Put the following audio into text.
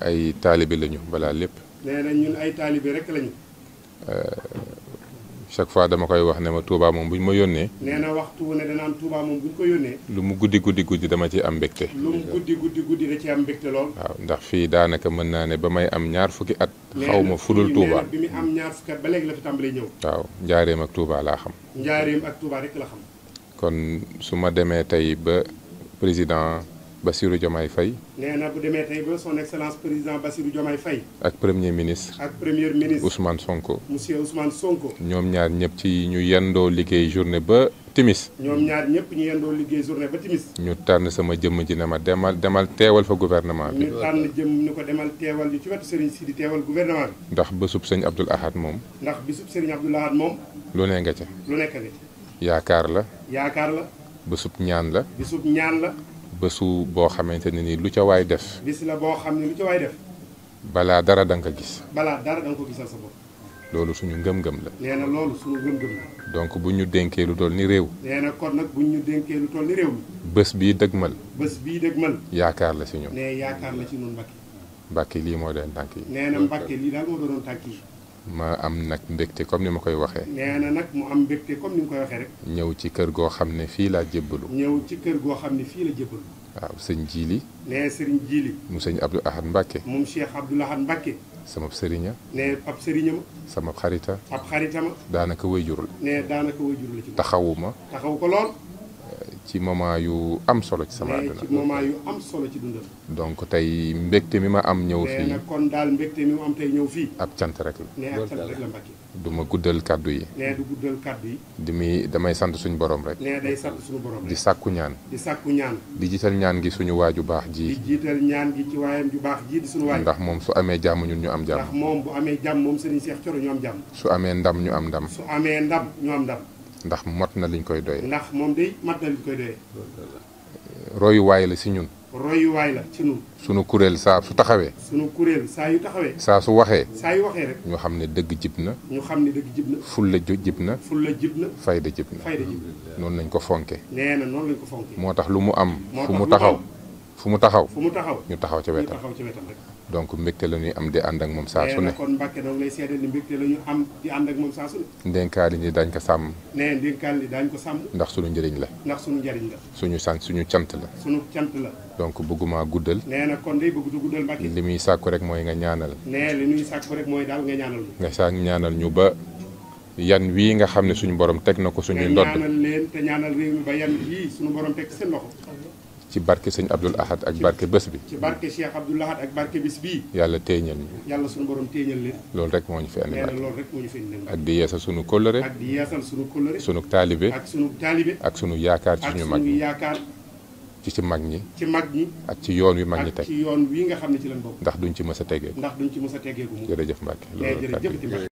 ay taalibe lañu balaa lépp. nee na ñun ay taalibe rek lañu. Euh, chaque fois dama koy wax ne ma Touba moom bu ñu ma yónnee. nee na waxtu ne danaan Touba moom bu ñu ko yónnee. lu mu guddi guddi guddi dama ci am mbégte. lu guddi guddi guddi ci am mbégte lool. waaw ndax fii daanaka mën naa ne ba may am ñaar fukki at. xaw fu dul Touba bi mu am ñaar fukki at ba léegi la fi tàmbalee ñëw. waaw njaareem ak tuubaa laa xam. njaareem ak Touba rek la xam. kon su ma demee tey ba président. Bassirou Diomaye Faye. nee na bu demee tey ba son excellence président Bassirou Diomaye Faye. ak premier ministre. ak premier ministre Ousmane Sonko. monsieur Ousmane Sonko. ñoom ñaar ñëpp ci ñu yendoo liggéey journée ba timis. ñoom ñaar ñëpp ñu liggéey journée ñu tànn sama jëmm ji ne ma demal demal teewal fa gouvernement bi. ñu tànn jëmm ni ko demal teewal li ci wetu Serigne Sidi teewal gouvernement bi. ndax bésub sëñ Abdoul Ahad moom. ndax bésub Serigne Abdoul Ahad moom. lu ne nga ca. lu nekk nga yaakaar la. yaakaar la. bésub la. bësu boo xamante ne ni lu ca waay def. bis la boo xam ne lu ca waay def. balaa dara da gis. balaa dara da nga ko gisal sa bopp. loolu suñu ngëm-ngëm la. nee na loolu suñu ngëm-ngëm la. donc bu ñu dénkee lu toll ni réew. nee na kon nag bu dénkee lu toll ni réew mi. bés bii dëgmal. bés bii dëgmal. yaakaar la si ñoom nee yaakaar la ci ñun Mbacke. Mbacke lii moo doon tànk yi. nee na Mbacke lii daal moo doon tànk yi. ma am nag mbégte comme ni ma koy waxee. nee na nag mu am mbégte comme ni ma koy waxee rek. ñëw ci kër goo xam ne fii laa jébbalu. ñëw ci kër goo xam ne fii la jébbalu. waaw sëñ Jili. nee sëriñ Jili. mu sëñ Abdou Ahad Mbacke. moom Cheikh Abdou Mbacke. sama sëriña. nee ab sëriñam. sama xarita. ab xaritama. daanaka wëy jurul. nee daanaka wëy taxawuma. taxaw ko lool. ci moment yu am solo ci sama àdduna ci moment solo ci dundam. donc tey mbégte mi ma am ñëw fii. kon daal mbégte mi mu am tey ñëw fii. ab cant rek la. duma ab cant guddal kàddu yi. nee du yi. di muy damay sant suñu borom rek. nee day sant suñu borom rek. di sàkku ñaan. di sàkku ñaan. di jiital ñaan gi suñu waaju baax ji. di jiital ñaan gi ci waayam ju baax ji di suñu waay. ndax moom su amee jàmm ñun ñu am jàmm. moom bu amee jàmm moom Serigne Cheikh Thioro ñu am su amee ndam ñu am ndam. su amee ndam ñu am ndam ndax mat na liñ koy doyee. ndax moom koy doyee. royuwaay la si ñun. royuwaay la sunu kuréel saa su taxawee. sunu kuréel saa saa su waxee. saa yu waxee rek. ñu xam ne dëgg jib na. ñu xam ne dëgg jib fulla jib na. fulla jib na. fayda jib na. fayda jib ko fonke moo tax lu mu am. fu mu taxaw. fu mu taxaw fu mu taxaw ñu taxaw ca wetam donc mbégte la ñuy am di ànd ak moom saa su ne kon Mbàkke dong lay seede ni mbégte la ñu am ak moom saa su ne ndénkaal yi daañ ko sàmm nee ndénkaal yi daañ ko ndax suñu njëriñ la ndax suñu njëriñ suñu sant suñu cant la suñu cant la donc bëgguma guddal nee na kon day bëggutu guddal Mbàkke li muy sàkku rek mooy nga ñaanal nee li muy sàkku rek mooy daal nga ñaanal ñu ba yan wii nga xam ne suñu borom teg na ko suñuy ndodd ñaanal leen te ñaanal réew mi ba yan yii suñu borom teg seen loxo ci barke sëñ Abdoul Ahad ak barke bés bi. ci barke Cheikh Abdoul Ahad ak barke bés bi. yàlla téeñal ñu. yàlla sunu borom téeñal leen. loolu rek moo ñu fi andi. rek moo ñu fi andi. ak di yeesal sunu kóllëre. ak di yeesal sunu kóllëre. sunu taalibe ak sunu taalibe. ak sunu yaakaar ci ñu mag ñi yaakaar. ci si mag ñi. ci mag ñi. ak ci yoon wi mag ñi teg ak ci yoon ne ci lañ bokk. ndax duñ ci mës a tegee. ndax duñ ci a tegee bu mu. jërëjëf